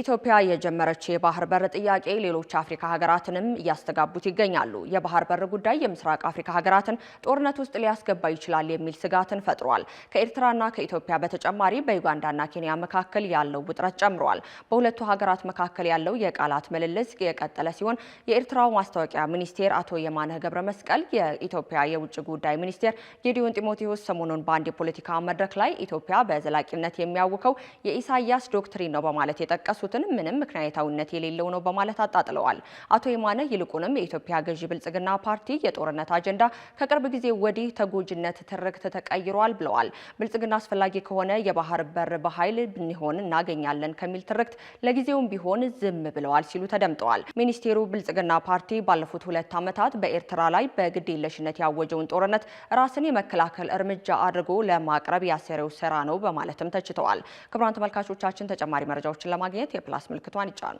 ኢትዮጵያ የጀመረች የባህር በር ጥያቄ ሌሎች አፍሪካ ሀገራትንም እያስተጋቡት ይገኛሉ። የባህር በር ጉዳይ የምስራቅ አፍሪካ ሀገራትን ጦርነት ውስጥ ሊያስገባ ይችላል የሚል ስጋትን ፈጥሯል። ከኤርትራና ከኢትዮጵያ በተጨማሪ በዩጋንዳና ኬንያ መካከል ያለው ውጥረት ጨምሯል። በሁለቱ ሀገራት መካከል ያለው የቃላት ምልልስ የቀጠለ ሲሆን የኤርትራው ማስታወቂያ ሚኒስቴር አቶ የማነህ ገብረ መስቀል፣ የኢትዮጵያ የውጭ ጉዳይ ሚኒስቴር ጌዲዮን ጢሞቴዎስ ሰሞኑን በአንድ የፖለቲካ መድረክ ላይ ኢትዮጵያ በዘላቂነት የሚያውከው የኢሳያስ ዶክትሪን ነው በማለት የጠቀሱ ያነሱትንም ምንም ምክንያታዊነት የሌለው ነው በማለት አጣጥለዋል። አቶ የማነ ይልቁንም የኢትዮጵያ ገዢ ብልጽግና ፓርቲ የጦርነት አጀንዳ ከቅርብ ጊዜ ወዲህ ተጎጂነት ትርክት ተቀይሯል ብለዋል። ብልጽግና አስፈላጊ ከሆነ የባህር በር በኃይል ብንሆን እናገኛለን ከሚል ትርክት ለጊዜውም ቢሆን ዝም ብለዋል ሲሉ ተደምጠዋል። ሚኒስቴሩ ብልጽግና ፓርቲ ባለፉት ሁለት ዓመታት በኤርትራ ላይ በግዴለሽነት ያወጀውን ጦርነት ራስን የመከላከል እርምጃ አድርጎ ለማቅረብ ያሰረው ስራ ነው በማለትም ተችተዋል። ክቡራን ተመልካቾቻችን ተጨማሪ መረጃዎችን ለማግኘት የፕላስ ምልክቷን ይጫኑ።